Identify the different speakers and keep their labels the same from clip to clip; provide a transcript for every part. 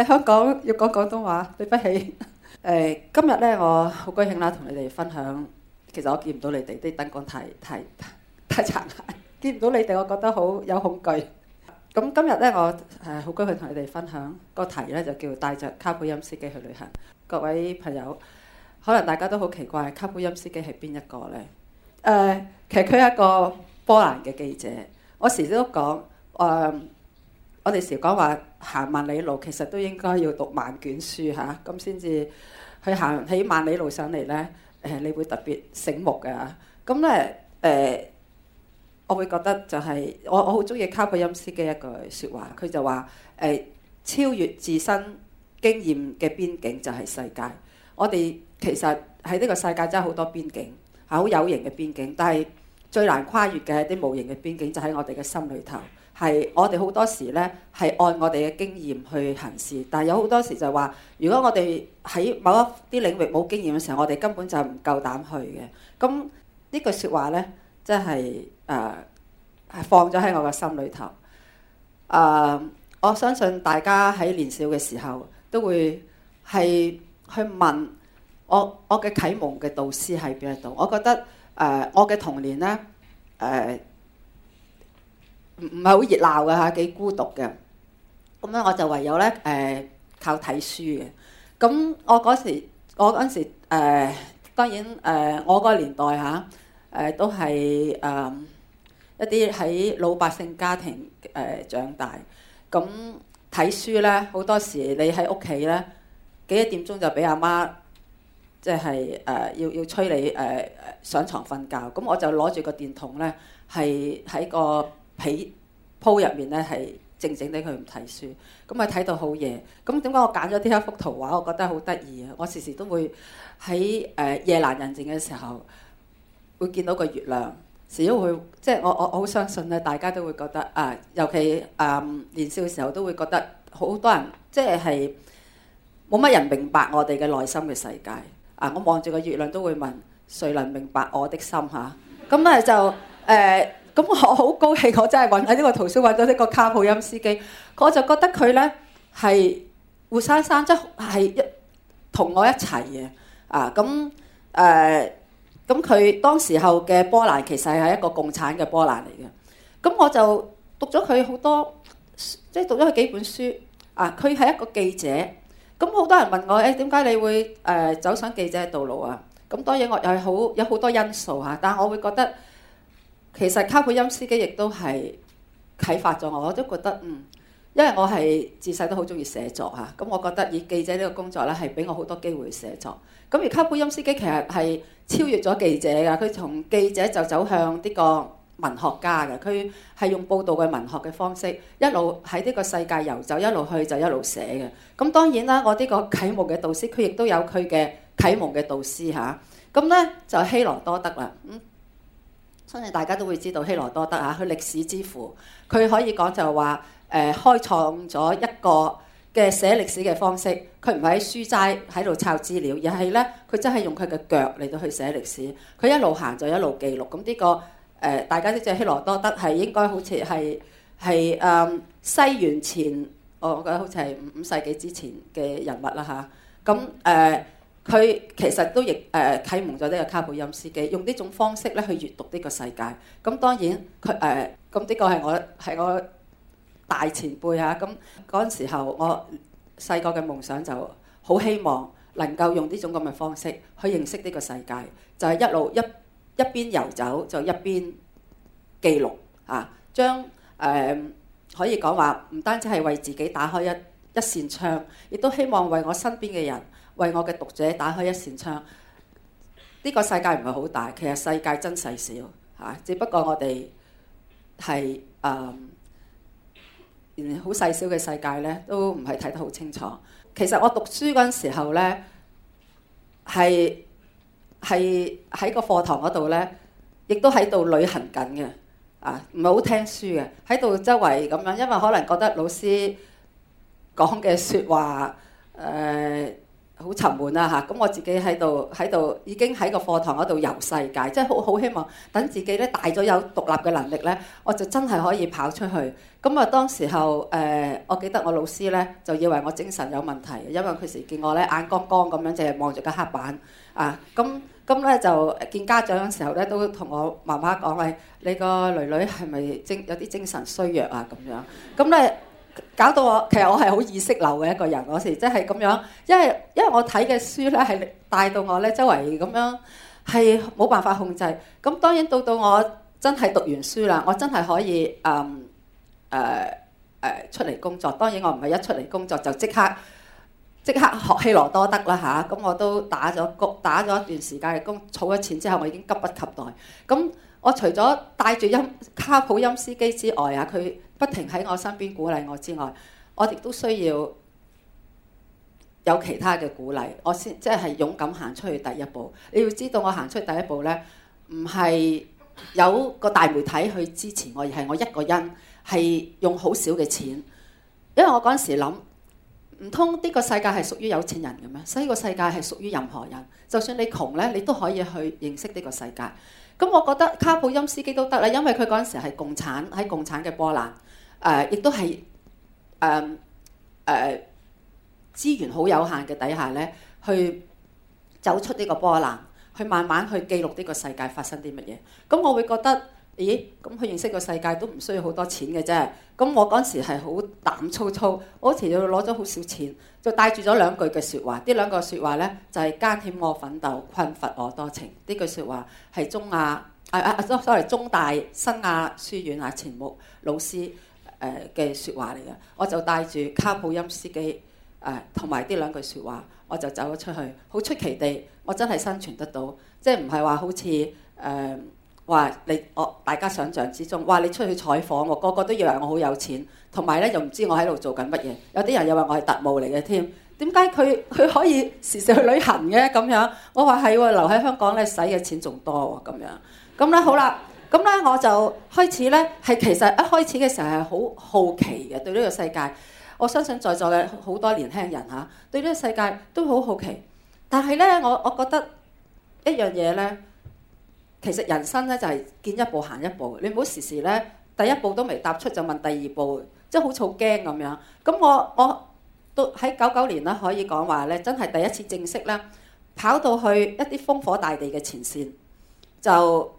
Speaker 1: 喺香港要講廣東話，對不起。誒，今日咧我好高興啦，同你哋分享。其實我見唔到你哋啲燈光太太太殘，見唔到你哋我覺得好有恐懼。咁今日咧我誒好高興同你哋分享個題咧就叫帶著卡布欽斯基去旅行。各位朋友，可能大家都好奇怪卡布欽斯基係邊一個咧？誒，其實佢係一個波蘭嘅記者。我時時都講誒。我哋時講話行萬里路，其實都應該要讀萬卷書嚇，咁先至去行喺萬里路上嚟咧。誒、呃，你會特別醒目嘅。咁咧誒，我會覺得就係、是、我我好中意卡布欽斯基一句説話，佢就話誒、呃、超越自身經驗嘅邊境就係世界。我哋其實喺呢個世界真係好多邊境，係、啊、好有形嘅邊境，但係最難跨越嘅啲無形嘅邊境就喺我哋嘅心裡頭。係，我哋好多時咧係按我哋嘅經驗去行事，但係有好多時就話，如果我哋喺某一啲領域冇經驗嘅時候，我哋根本就唔夠膽去嘅。咁、這個、呢句説話咧，即係誒係放咗喺我嘅心裡頭。誒、呃，我相信大家喺年少嘅時候都會係去問我我嘅啟蒙嘅導師係邊一度。我覺得誒、呃，我嘅童年咧誒。呃唔唔係好熱鬧嘅嚇，幾孤獨嘅。咁咧我就唯有咧誒、呃、靠睇書嘅。咁我嗰時我嗰時誒、呃、當然誒、呃、我個年代嚇誒、呃、都係誒、呃、一啲喺老百姓家庭誒、呃、長大。咁睇書咧，好多時你喺屋企咧，幾一點鐘就俾阿媽即係誒要要催你誒、呃、上床瞓覺。咁我就攞住個電筒咧係喺個。喺鋪入面咧係靜靜地佢唔睇書，咁啊睇到好夜。咁點解我揀咗呢一幅圖畫？我覺得好得意啊！我時時都會喺誒、呃、夜闌人靜嘅時候，會見到個月亮。時時會即係、就是、我我好相信咧，大家都會覺得啊、呃，尤其啊、呃、年少嘅時候都會覺得好多人即係係冇乜人明白我哋嘅內心嘅世界啊、呃！我望住個月亮都會問：誰能明白我的心？嚇，咁啊就誒。呃咁我好高興，我真係揾喺呢個圖書揾到呢個卡布欽斯基，我就覺得佢咧係活生生即係一同我一齊嘅啊！咁誒，咁、啊、佢當時候嘅波蘭其實係一個共產嘅波蘭嚟嘅。咁我就讀咗佢好多，即係讀咗佢幾本書啊！佢係一個記者，咁好多人問我誒，點解你會誒、呃、走上記者嘅道路啊？咁當然我又係好有好多因素嚇，但係我會覺得。其實卡普欽斯基亦都係啟發咗我，我都覺得嗯，因為我係自細都好中意寫作嚇，咁我覺得以記者呢個工作咧，係俾我好多機會寫作。咁而卡普欽斯基其實係超越咗記者嘅，佢從記者就走向呢個文學家嘅，佢係用報道嘅文學嘅方式，一路喺呢個世界游走，一路去就一路寫嘅。咁當然啦，我呢個啟蒙嘅導師，佢亦都有佢嘅啟蒙嘅導師嚇。咁呢，就希羅多德啦，嗯相信大家都會知道希羅多德啊，佢歷史之父，佢可以講就係話，誒、呃、開創咗一個嘅寫歷史嘅方式，佢唔係喺書齋喺度抄資料，而係咧佢真係用佢嘅腳嚟到去寫歷史，佢一路行就一路記錄。咁呢、這個誒、呃，大家知唔知希羅多德係應該好似係係誒西元前，我覺得好似係五五世紀之前嘅人物啦嚇。咁、啊、誒。佢其實都亦誒啟蒙咗呢個卡布欽斯基，用呢種方式咧去閲讀呢個世界。咁當然佢誒咁，呢、呃、個係我係我大前輩嚇、啊。咁嗰陣時候，我細個嘅夢想就好希望能夠用呢種咁嘅方式去認識呢個世界，就係、是、一路一一邊遊走就一邊記錄啊，將誒、呃、可以講話唔單止係為自己打開一一扇窗，亦都希望為我身邊嘅人，為我嘅讀者打開一扇窗。呢個世界唔係好大，其實世界真細小嚇。只不過我哋係誒嗯好細小嘅世界呢，都唔係睇得好清楚。其實我讀書嗰陣時候呢，係係喺個課堂嗰度呢，亦都喺度旅行緊嘅。啊，唔係好聽書嘅，喺度周圍咁樣，因為可能覺得老師講嘅説話誒好、呃、沉悶啊。嚇，咁我自己喺度喺度已經喺個課堂嗰度遊世界，即係好好希望等自己咧大咗有獨立嘅能力咧，我就真係可以跑出去。咁啊，當時候誒、呃，我記得我老師咧就以為我精神有問題，因為佢時見我咧眼光光咁樣淨係望住個黑板啊。咁咁咧就見家長嘅時候咧都同我媽媽講喂、啊，你個女女係咪精有啲精神衰弱啊？咁樣咁咧。搞到我，其實我係好意識流嘅一個人，嗰時即係咁樣，因為因為我睇嘅書咧係帶到我咧周圍咁樣，係冇辦法控制。咁當然到到我真係讀完書啦，我真係可以嗯誒誒、呃呃、出嚟工作。當然我唔係一出嚟工作就即刻即刻，即刻學希羅多德啦吓，咁我都打咗打咗一段時間嘅工，儲咗錢之後，我已經急不及待。咁我除咗帶住音卡布欽斯基之外啊，佢，不停喺我身邊鼓勵我之外，我亦都需要有其他嘅鼓勵，我先即係勇敢行出去第一步。你要知道，我行出去第一步呢，唔係有個大媒體去支持我，而係我一個人，係用好少嘅錢。因為我嗰陣時諗，唔通呢個世界係屬於有錢人嘅咩？所以個世界係屬於任何人，就算你窮呢，你都可以去認識呢個世界。咁我覺得卡普欽斯基都得啦，因為佢嗰陣時係共產喺共產嘅波蘭。誒，亦、呃、都係誒誒資源好有限嘅底下咧，去走出呢個波浪，去慢慢去記錄呢個世界發生啲乜嘢。咁、嗯 uh, 我會覺得，咦？咁去認識個世界都唔需要好多錢嘅啫。咁、嗯 uh、我嗰時係好膽粗粗，我好似要攞咗好少錢，Uno Die Lock、就帶住咗兩句嘅説話。呢兩個説話咧，就係艱險我奮鬥，困乏我多情。呢句説話係中大，啊啊，所所謂中大新亞書院啊，錢穆老師。誒嘅説話嚟嘅，我就帶住卡布欽斯基誒同埋啲兩句説話，我就走咗出去。好出奇地，我真係生存得到，即係唔係話好似誒話你我、哦、大家想象之中話你出去採訪，我個個都以為我好有錢，同埋咧又唔知我喺度做緊乜嘢。有啲人又話我係特務嚟嘅添。點解佢佢可以時時去旅行嘅咁樣？我話係喎，留喺香港咧使嘅錢仲多喎咁樣。咁咧好啦。咁咧我就開始咧係其實一開始嘅時候係好好奇嘅對呢個世界，我相信在座嘅好多年輕人嚇對呢個世界都好好奇，但係咧我我覺得一樣嘢咧，其實人生咧就係、是、見一步行一步，你唔好時時咧第一步都未踏出就問第二步，即係好似好驚咁樣。咁我我都喺九九年咧可以講話咧，真係第一次正式咧跑到去一啲烽火大地嘅前線就。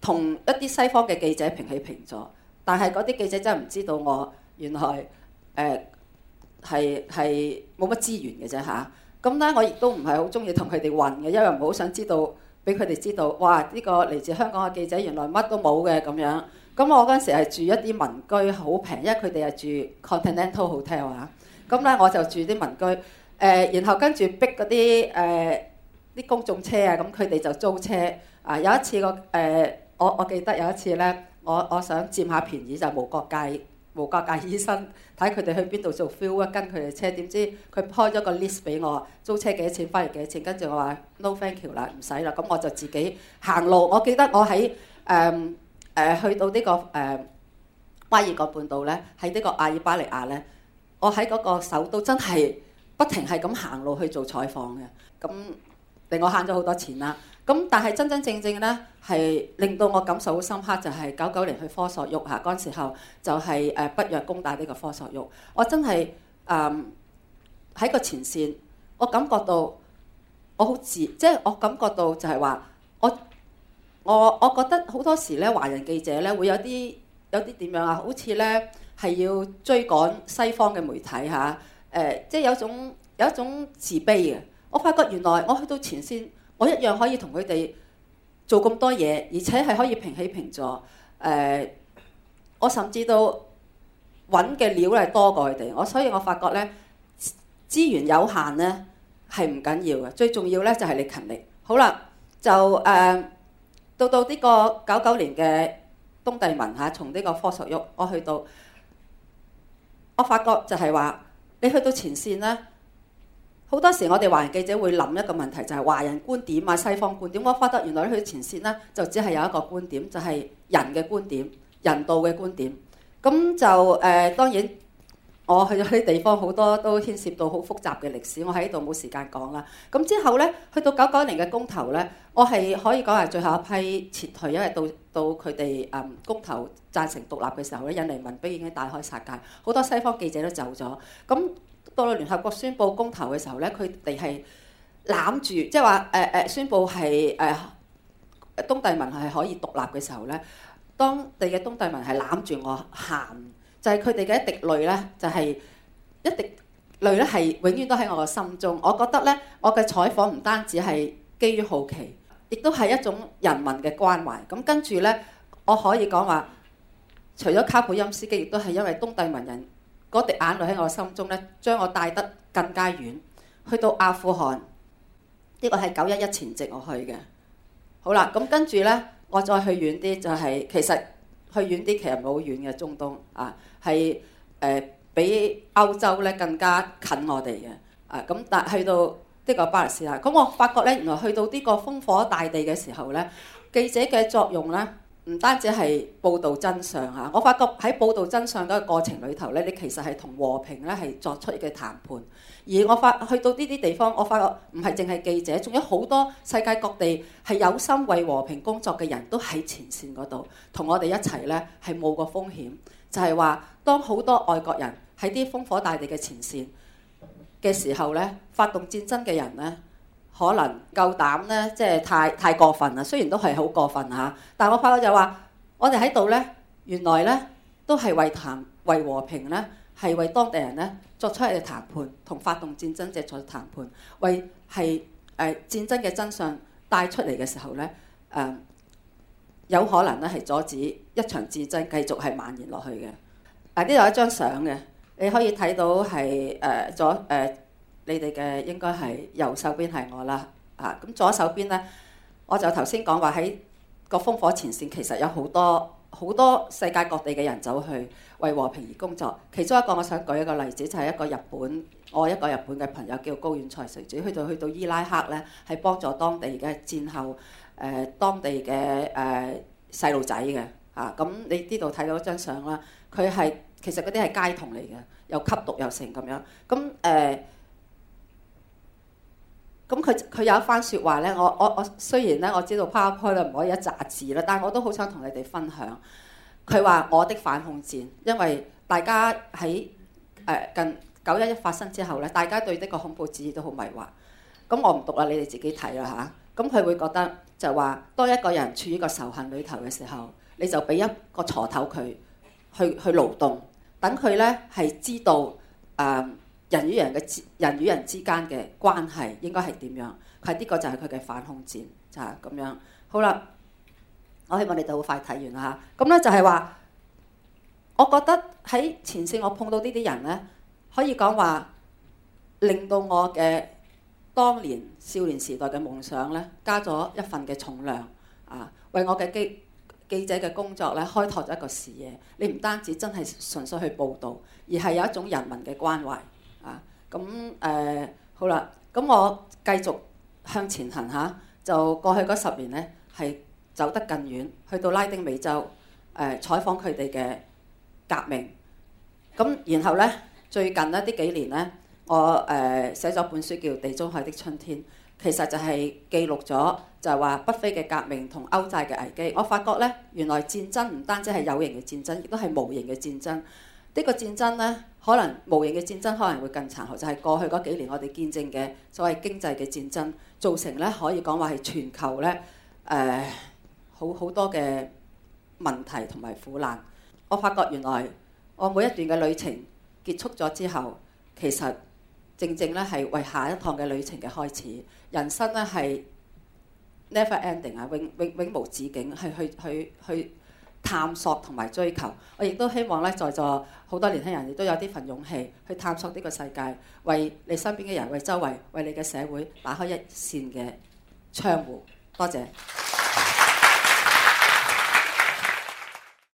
Speaker 1: 同一啲西方嘅記者平起平坐，但係嗰啲記者真係唔知道我原來誒係係冇乜資源嘅啫吓？咁、啊、咧我亦都唔係好中意同佢哋混嘅，因為唔好想知道俾佢哋知道，哇！呢、呢個嚟自香港嘅記者原來乜都冇嘅咁樣。咁我嗰陣時係住一啲民、啊、民居，好平，因為佢哋係住 Continental Hotel 啊。咁咧我就住啲民居誒，然後跟住逼嗰啲誒啲公眾車啊，咁佢哋就租車啊。有一次個誒。呃我我記得有一次咧，我我想佔下便宜就無、是、國界無國界醫生睇佢哋去邊度做 feel，跟佢哋車，點知佢開咗個 list 俾我，租車幾多錢，翻嚟幾多錢，跟住我話 no thank you 啦，唔使啦，咁我就自己行路。我記得我喺誒誒去到呢、這個誒、呃、巴爾幹半島咧，喺呢個阿爾巴尼亞咧，我喺嗰個首都真係不停係咁行路去做採訪嘅，咁令我慳咗好多錢啦。咁但係真真正正咧，係令到我感受好深刻，就係九九年去科索沃嚇，嗰陣時候就係誒北約攻打呢個科索沃，我真係誒喺個前線，我感覺到我好自，即係我感覺到就係話我我我覺得好多時咧，華人記者咧會有啲有啲點樣啊，好似咧係要追趕西方嘅媒體嚇，誒即係有一種有一種自卑嘅，我發覺原來我去到前線。我一樣可以同佢哋做咁多嘢，而且係可以平起平坐。誒、呃，我甚至到揾嘅料係多過佢哋。我所以我發覺咧，資源有限咧係唔緊要嘅，最重要咧就係、是、你勤力。好啦，就誒、呃、到到呢個九九年嘅東帝汶嚇、啊，從呢個科索沃我去到，我發覺就係話你去到前線咧。好多時我哋華人記者會諗一個問題，就係、是、華人觀點啊、西方觀點，我發得原來去前線呢，就只係有一個觀點，就係、是、人嘅觀點、人道嘅觀點。咁就誒、呃、當然我去咗啲地方，好多都牽涉到好複雜嘅歷史，我喺呢度冇時間講啦。咁之後呢，去到九九年嘅公投呢，我係可以講係最後一批撤退，因為到到佢哋誒公投贊成獨立嘅時候咧，印尼民兵已經大開殺戒，好多西方記者都走咗，咁。到聯合國宣布公投嘅時候咧，佢哋係攬住，即係話誒誒，宣布係誒、呃、東帝汶係可以獨立嘅時候咧，當地嘅東帝汶係攬住我行，就係佢哋嘅一滴淚咧，就係、是、一滴淚咧，係永遠都喺我嘅心中。我覺得咧，我嘅採訪唔單止係基於好奇，亦都係一種人民嘅關懷。咁跟住咧，我可以講話，除咗卡普欽斯基，亦都係因為東帝汶人。嗰滴眼淚喺我心中咧，將我帶得更加遠，去到阿富汗。呢、這個係九一一前夕我去嘅。好啦，咁跟住咧，我再去遠啲，就係、是、其實去遠啲其實唔係好遠嘅，中東啊，係誒、呃、比歐洲咧更加近我哋嘅。啊，咁但係去到呢、這個巴勒斯坦，咁我發覺咧，原來去到呢個烽火大地嘅時候咧，記者嘅作用咧。唔單止係報導真相嚇，我發覺喺報導真相嘅過程裏頭咧，你其實係同和，和平咧係作出嘅談判。而我發去到呢啲地方，我發覺唔係淨係記者，仲有好多世界各地係有心為和平工作嘅人都喺前線嗰度，同我哋一齊咧係冒個風險。就係話，當好多外國人喺啲烽火大地嘅前線嘅時候咧，發動戰爭嘅人咧。可能夠膽咧，即係太太過分啦。雖然都係好過分吓，但我發覺就話，我哋喺度咧，原來咧都係為談為和平咧，係為當地人咧作出嘅談判，同發動戰爭者作出談判，為係誒、呃、戰爭嘅真相帶出嚟嘅時候咧，誒、呃、有可能咧係阻止一場戰爭繼續係蔓延落去嘅。呢、呃、度有一張相嘅，你可以睇到係誒、呃、左誒。呃你哋嘅應該係右手邊係我啦，啊咁左手邊咧，我就頭先講話喺個烽火前線，其實有好多好多世界各地嘅人走去為和平而工作。其中一個我想舉一個例子，就係、是、一個日本，我一個日本嘅朋友叫高遠菜穗子，去到去到伊拉克咧，係幫助當地嘅戰後誒、呃、當地嘅誒細路仔嘅啊。咁你呢度睇到張相啦，佢係其實嗰啲係街童嚟嘅，又吸毒又成咁樣。咁誒。呃咁佢佢有一番説話咧，我我我雖然咧我知道 PowerPoint 啦，唔可以一紮字啦，但我都好想同你哋分享。佢話：我的反恐戰，因為大家喺誒、呃、近九一一發生之後咧，大家對呢個恐怖主義都好迷惑。咁我唔讀啦，你哋自己睇啦吓，咁佢會覺得就話、是、當一個人處於個仇恨裏頭嘅時候，你就俾一個鋤頭佢去去勞動，等佢咧係知道誒。呃人與人嘅人與人之間嘅關係應該係點樣？係呢個就係佢嘅反恐戰，就係咁樣。好啦，我希望你哋就好快睇完啦嚇。咁咧就係話，我覺得喺前線我碰到呢啲人咧，可以講話令到我嘅當年少年時代嘅夢想咧，加咗一份嘅重量啊！為我嘅記記者嘅工作咧，開拓咗一個視野。你唔單止真係純粹去報導，而係有一種人民嘅關懷。啊，咁誒、呃、好啦，咁我繼續向前行嚇，就過去嗰十年呢，係走得更遠，去到拉丁美洲誒、呃，採訪佢哋嘅革命。咁然後呢，最近呢啲幾年呢，我誒寫咗本書叫《地中海的春天》，其實就係記錄咗就係、是、話北非嘅革命同歐債嘅危機。我發覺呢，原來戰爭唔單止係有形嘅戰爭，亦都係無形嘅戰爭。呢個戰爭呢，可能無形嘅戰爭可能會更殘酷，就係、是、過去嗰幾年我哋見證嘅所謂經濟嘅戰爭，造成呢可以講話係全球呢，誒、呃、好好多嘅問題同埋苦難。我發覺原來我每一段嘅旅程結束咗之後，其實正正呢係為下一趟嘅旅程嘅開始。人生呢係 never ending 啊，永永永無止境，係去去去。去去探索同埋追求，我亦都希望咧，在座好多年輕人亦都有呢份勇氣去探索呢個世界，為你身邊嘅人、為周圍、為你嘅社會打開一扇嘅窗戶。多謝。